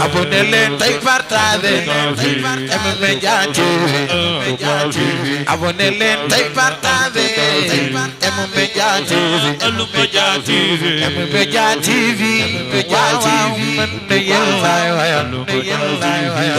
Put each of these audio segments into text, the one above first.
abonné leen tey partagé M Média TV abonné leen tey partagé M Média TV M Média TV waaw waaw man de yéen laay wayal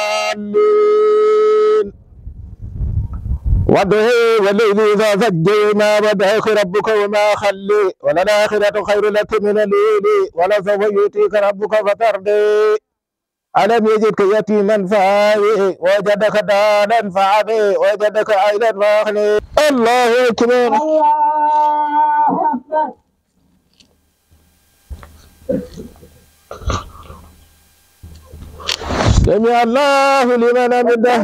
وادعه وليلي إذا ما وادعك ربك وما خلي وللآخرة خير لك من الأولي ولسوف يؤتيك ربك فترضي ألم يجدك يتيما فآوي وجدك دانا فعبي وجدك عينا فأخلي الله أكبر سمع الله لمن أمده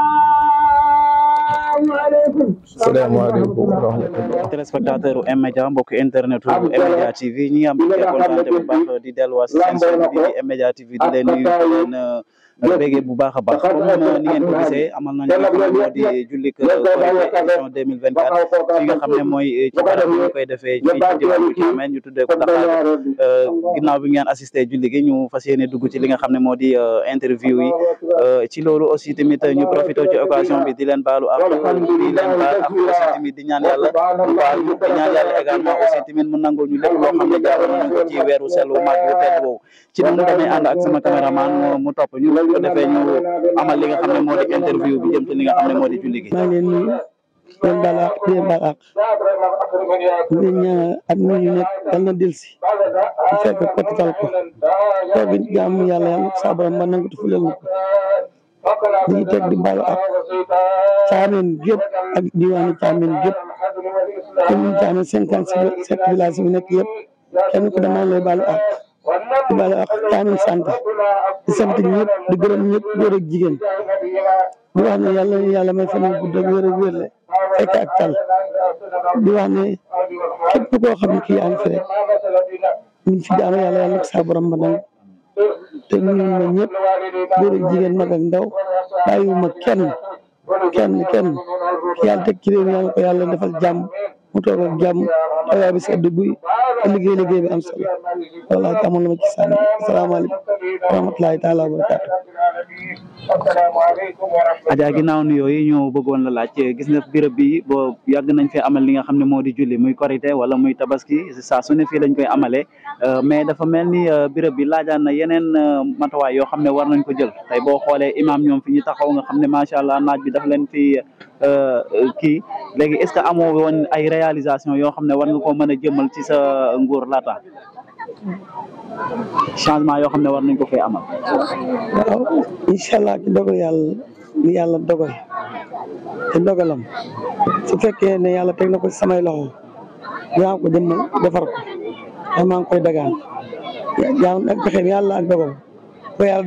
salaamaaleykum wa rahmatulah. téléspectateur u M-Media mbokk internet u M-Media TV ñi am kontaan bu baax di delluwaat si bi di M-Media TV di leen nuyu di leen. Euh, bégee bu baax a baax comme ni ngeen ko gisee amal nañu li nga xam 2024 fi nga xam ne ci barab ñu koy defee fii ci diwaanu ñu tuddee ko Daxaar ginnaaw bi ngeen assisté julli gi ñu dugg ci li nga interview yi ci loolu aussi tamit ñu profité ci occasion bi di leen baalu ak di leen baal ak aussi tamit di ñaan yàlla baal di ñaan yàlla également aussi tamit mu nangul ñu jaaroon ko ci mag yu tedd ci ak sama caméraman mu topp ñu bu ko defee amal li xam ne moo interview bi jëm ci li nga xam ne moo di julli gi. maa ngi leen nuyu leen baal àq leen baal àq di ñaanal at mi ñu nekk dal na delsi bu fekkee potital ko koo bi jàmm yàlla yàlla saa borom ba nangu te fuleel na di teg di caamen gépp ak diwaanu caamen gépp commune cinquante sept villages yi nekk yëpp kenn ku dama lay baalu àq di baalu ak taanu sant di sant ñëpp di gërëm ñëpp góor ak jigéen di wax ne yàlla na yàlla may fan gudd ak wér ak wérle fekk ak tal di wax ne képp xam ne kii ngi fi rek ñu fi jaamu yàlla yàlla ko saa borom ba te ñun ma ñëpp góor ak jigéen mag ak ndaw bàyyiwuma kenn kenn kenn ki yàlla teg ci réew mi yàlla defal jàmm mu toog ak jàmm tawaay bi sedd guy te liggéey liggéey bi am solo voilà te amoon na ma ci sànni asalaamaaleykum wa rahmatulahi taala wa nu yooyu ñoo bëggoon la laaj gis nga béréb yi boo yàgg nañ fee amal li nga xam ne moo di julli muy korite wala muy tabaski saa su ne fii lañ koy amalee euh, mais dafa mel ni euh, béréb bi laajaan na yeneen euh, matuwaay yoo xam ne war nañ ko jël tey boo xoolee imaam ñoom fi ñu taxaw nga xam ne macha allah naaj bi dafa leen fi kii léegi est ce que réalisation yoo xam ne war nga koo mën a jëmmal ci sa nguur laata changement yoo xam ne war nañ ko fee amal. waaw incha allah ci dogal yàlla ni dogalam su fekkee ne yàlla teg na ko samay loxo yaa ko jëmmal defar ko man maa koy dagaan yàlla ak pexe ko yàlla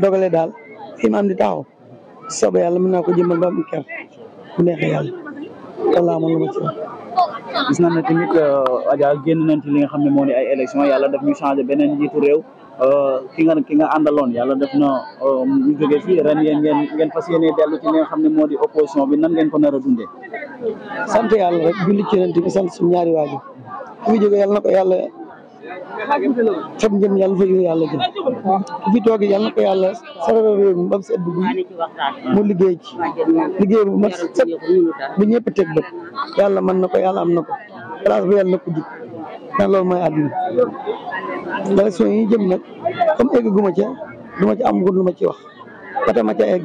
dogalee daal fi mu am di taxaw soobee yàlla mën naa ko jëmmal ba mu ker bu neexee yàlla wallaahi man la ma ci gis nañ ne tamit euh, Adja génn nañ ci li nga xam ne moo di ay élection yala daf ñu changé beneen njiitu réew euh, ki nga ki nga àndaloon yàlla def na ñu euh, fii ren yéen ngeen ngeen fas a dellu ci li xam ne moo di opposition bi nan ngeen ko nar a dundee. sant yàlla rek julli ci yonent bi sant suñu ñaari waajur fi mu na ko yàlla fam jëm yàlla fa jóge yàlla jëm ku toog yàlla na ko yàlla sarara réew mi ba mu set bu guy mu liggéey ci liggéey bu ma set bu ñëpp teg bët yàlla man na ko yàlla am na ko place bi yàlla na ko jub ndax mooy àddina élection yi jëm nag comme egg guma ca du ma ci am gun lu ma ci wax bata ma ca egg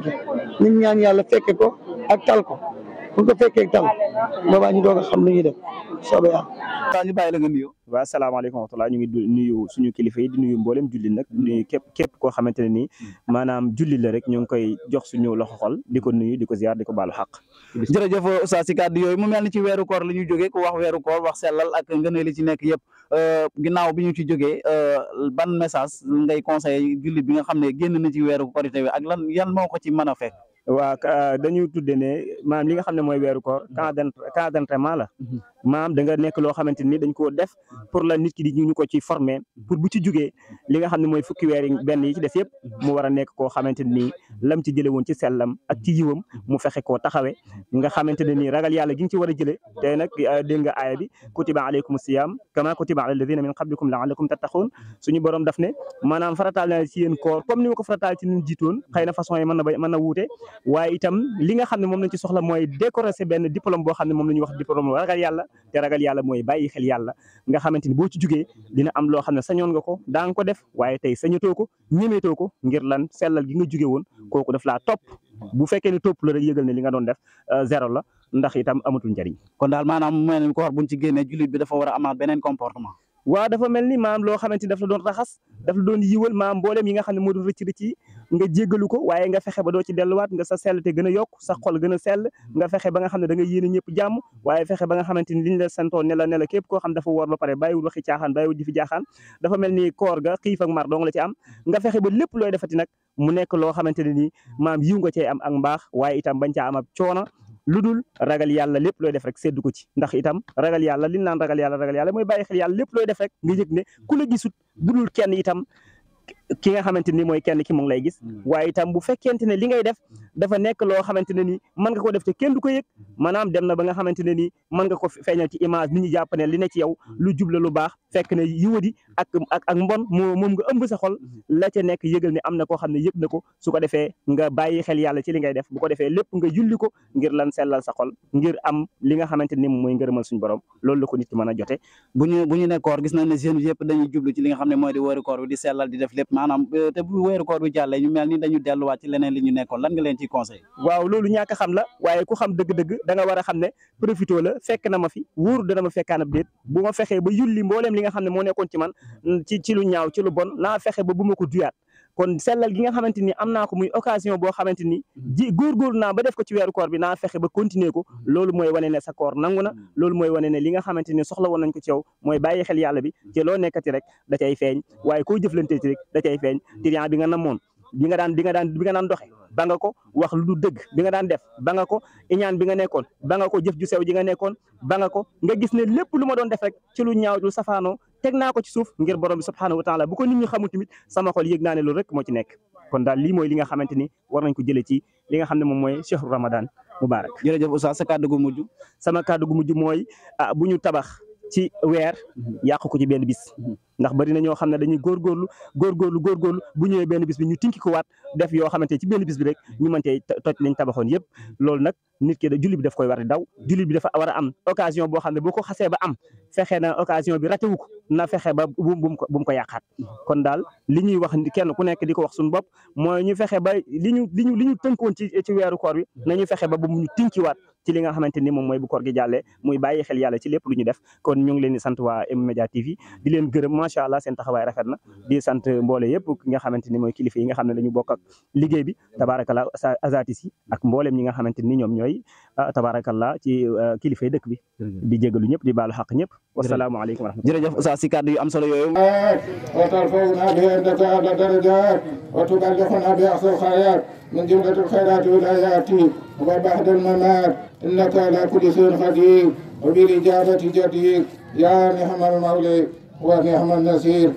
nit ñaan yàlla fekke ko ak tal ko bu ko fekkee tal boobaa ñu doog a xam lu ñuy def soobee yàlla. ñu bàyyi la nga nuyoo. waaw salaamaaleykum wa rahmatulah ñu ngi nuyu suñu kilifa di nuyu mboolem julli nag di nuyu képp képp koo xamante ne nii hmm. maanaam julli la rek ñu ngi koy jox suñu loxo xol di ko nuyu di ko ziar di ko baalu xaq. jërëjëf Oustaz si kàddu yooyu mu mel ni ci weeru koor la ñuy jógee ku wax weeru koor wax sellal ak ngëneel li ci nekk yëpp euh, ginaaw bi ñu ci jógee euh, ban message ngay conseillé julli bi nga xam ne génn na ci weeru korite wi ak lan yan moo ko ci mën a fekk. waaw dañuy tudde ne maanaam li nga xam ne mooy weeru koor. Hmm. camp d'entraînement la. Hmm. maanaam da nga nekk loo xamante ni dañ koo def pour la nit ki di ñu ko ci former pour bu ci jugee li nga xam ne mooy fukki weer yi yi ci des yëpp mu war a koo xamante ni lam ci jële woon ci sellam ak ci yiwam mu fexe koo taxawee nga xamante ne nii ragal yàlla gi nga ci war a jëlee tey euh, na ci na façon yi mën na ba mën na wuute waaye itam li nga xam ne moom lañ ci soxla mooy décorer benn diplôme boo xam ne moom la ñuy wax diplôme ragal yàlla te ragal yàlla mooy bàyyi xel yàlla nga xamante ni boo ci jugee dina am loo xam ne sañoon nga ko daa nga ko def waaye tey sañatoo ko ñemeetoo ko ngir lan sellal gi nga jugee woon kooku daf laa topp bu fekkee ne topp la rek ne li nga doon def euh, zéro la ndax itam amatul njëriñ. kon daal maanaam mu mel ni ko war buñ ci génnee jullit bi dafa war a amaat beneen comportement. waaw dafa mel ni maam loo xamante daf la doon raxas daf la doon yiwal maam mboolem nga jéggalu ko waaye nga fexe ba doo ci delluwaat nga sa sellte gën a yokk sa xol gën a sell mm-hmm. nga fexe ba nga xam ne da nga yéene ñëpp jàmm waaye fexe ba la képp koo xam dafa woor ba pare bàyyiwul waxi caaxaan bàyyiwul di fi jaaxaan dafa mel ni koor ga xiif mar dong la ci am mm-hmm. nga fexe ba lépp looy defati nag mu nekk loo xamante ne nii mm-hmm. maam yiw nga cee am ak mbaax waaye itam bañ caa am lu dul ragal yàlla lépp looy def rek ci ndax itam ragal yàlla liñ naan ragal yàlla ragal yàlla mooy bàyyi xel yàlla nga yëg ne ku la gisut budul kenn itam ki nga xamante ni mooy kenn ki mu ngi lay gis mm. waaye itam bu fekkente ne li ngay def dafa nekk loo xamante ne ni mën nga ko def te kenn du ko yëg mm. maanaam dem na ba nga xamante ne ni mën nga ko feeñal ci image nit ñi jàpp ne li ne ci yow mm. lu jubla lu baax fekk ne yiwadi ak ak ak mbon moo moom nga ëmb sa xol la ca nekk yëgal ne am na koo xam ne yëg na ko su ko defee nga bàyyi xel yàlla ci li ngay def bu ko defee lépp nga julli ko ngir lan sellal sa xol ngir am li nga xamante ni a jote bu ñu bu ñu ne koor gis nañ ne jeunes xam ne mooy di wóori koor di maanaam euh, te bu weeru koor bi jàllee ñu mel ni dañu delluwaat ci leneen li ñu lan nga leen ciy conseil waaw loolu ñàkk xam la waaye ku xam dëgg-dëgg da nga war a xam ne profité la fekk na ma fi wóoru dana ma fekkaanab déet bu ma fexee ba yulli mbooleem li nga xam ne moo nekkoon ci man mm-hmm. ci ci lu ñaaw ci lu bon naa fexe ba bu ma duyaat kon sellal gi nga xamante ni am naa ko muy occasion boo xamante ni mm-hmm. ji góorgóorlu naa ba def ko ci weeru koor bi naa fexe ba continuer ko mm-hmm. loolu mooy wane ne sa koor nangu na mm-hmm. loolu mooy wane ne li nga xamante ni soxla woon nañ ko ci yow mooy bàyyi xel yàlla bi ci loo nekkati rek da cay feeñ waaye koo jëflante rek da cay feeñ triant bi nga namoon bi nga daan bi nga daan bi nga daan doxe ba nga ko wax lu dëgg bi nga daan def ba nga ko iñaan bi nga nekkoon ba nga ko jëf ju sew ji nga nekkoon ba nga ko nga gis ne lépp lu ma doon def rek ci lu ñaaw lu safaanoo teg naa ko ci suuf ngir borom bi subhaanahu wa taala bu ko nit ñi xamul sama xol yëg naa ne loolu rek moo ci nekk kon daal li mooy li nga xamante ni war nañ ko jëlee ci li nga xam ne moom mooy chehru ramadan mubarak jërëjëf Oustaz sa kàddu gu mujj sama kàddu gu mujj mooy ah bu ñu tabax ci weer yàq ko ci benn bis ndax bari na ñoo xam ne dañuy góor góorgóorlu góorgóorlu góorgóorlu bu ñëwee benn bis bi ñu tinki ko waat def yoo xamante ci benn bis bi rek ñu mën cee toj lañ tabaxoon yëpp loolu nag nit ki da jullit bi daf koy war a daw jullit bi dafa war a am occasion boo xam ne boo ko xasee ba am fexe na occasion bi ratewu ko na fexe ba bu ko bu mu ko yàqaat kon daal li ñuy wax kenn ku nekk di ko wax suñu bopp mooy ñu fexe ba li ñu li ñu li tënkoon ci ci weeru koor bi na mm-hmm. nañu fexe ba bu mu ñu tinkiwaat ci li nga xamante ni moom mooy bu koor gi jàllee muy bàyyi xel yàlla ci lépp lu ñu def kon ñu ngi leen di sant waa M-Media TV di leen gërëm macha allah seen taxawaay rafet na mm-hmm. di sant mboole yëpp ki nga xamante ni mooy kilifa yi nga xam ne dañu bokk liggéey bi mm-hmm. tabaarakallaa azatis yi ak mbooleem ñi nga xamante ni ñoom ñooy ah, tabaarakallaa ci ah, kilifa yi dëkk bi di jégalu ñëpp di baalu xaq ñëpp wasalaamu si kàddu yu am solo yooyu wa tarfawna bihi indaka ala darajat wa tuballighuna bi aqsal khayat min jumlatil khayrat wilayati wa ba'da al mamat innaka ala kulli shay'in qadir wa bil ijabati jadir ya ni'mal mawla wa ni'mal nasir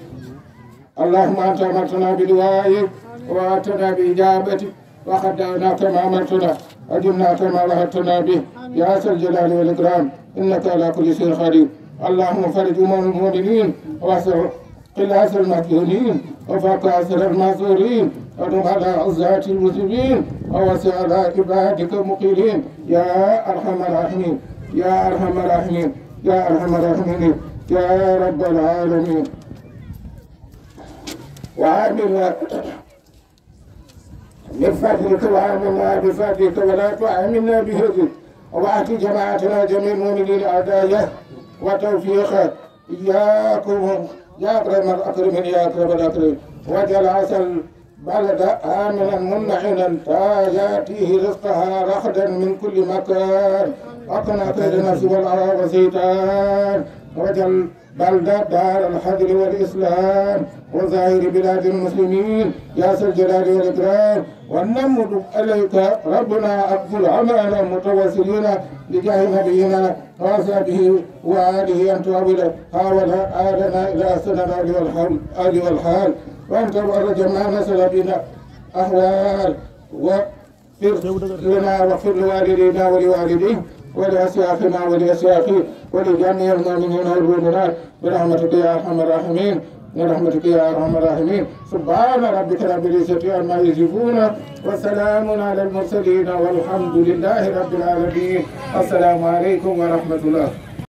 اللهم انت امرتنا بدعائك واتنا باجابتك وخدعناك ما امرتنا وجبناك ما وعدتنا به يا ذا الجلال والاكرام انك على كل شيء قدير اللهم فرج أمم المؤمنين قل قلاس المكيولين أسر الماسورين ودم على عزاة المسلمين ووسع على عبادك المقيمين يا أرحم الراحمين يا أرحم الراحمين يا أرحم الراحمين يا رب العالمين وعامل بفضلك وعاملنا بفضلك ولا تعاملنا بهزك وأعطي جماعتنا جميع المؤمنين أعدائه وتوفيقك إياكم يا أكرم الأكرمين يا أكرم الأكرمين وجل عسل بلد آمنا منحنا يأتيه رزقها رخدا من كل مكان أقنع كيد نفسي والأرى وجل بل دار الحجر والإسلام وظاهر بلاد المسلمين يا ذا الجلال والإكرام ونمد إليك ربنا أقبل عملنا متواصلين بجاه نبينا به وآله أن تعبد حاول آلنا إلى أسنى الأرض والحال وأن تبعد جميع نسل بنا أحوال وفر لنا وفر لوالدينا ولوالديه ولأسيافنا ولأسوافي ولجميع المؤمنين والمؤمنات برحمتك يا أرحم الراحمين برحمتك يا أرحم الراحمين سبحان ربك رب العزة عما يصفون وسلام على المرسلين والحمد لله رب العالمين السلام عليكم ورحمة الله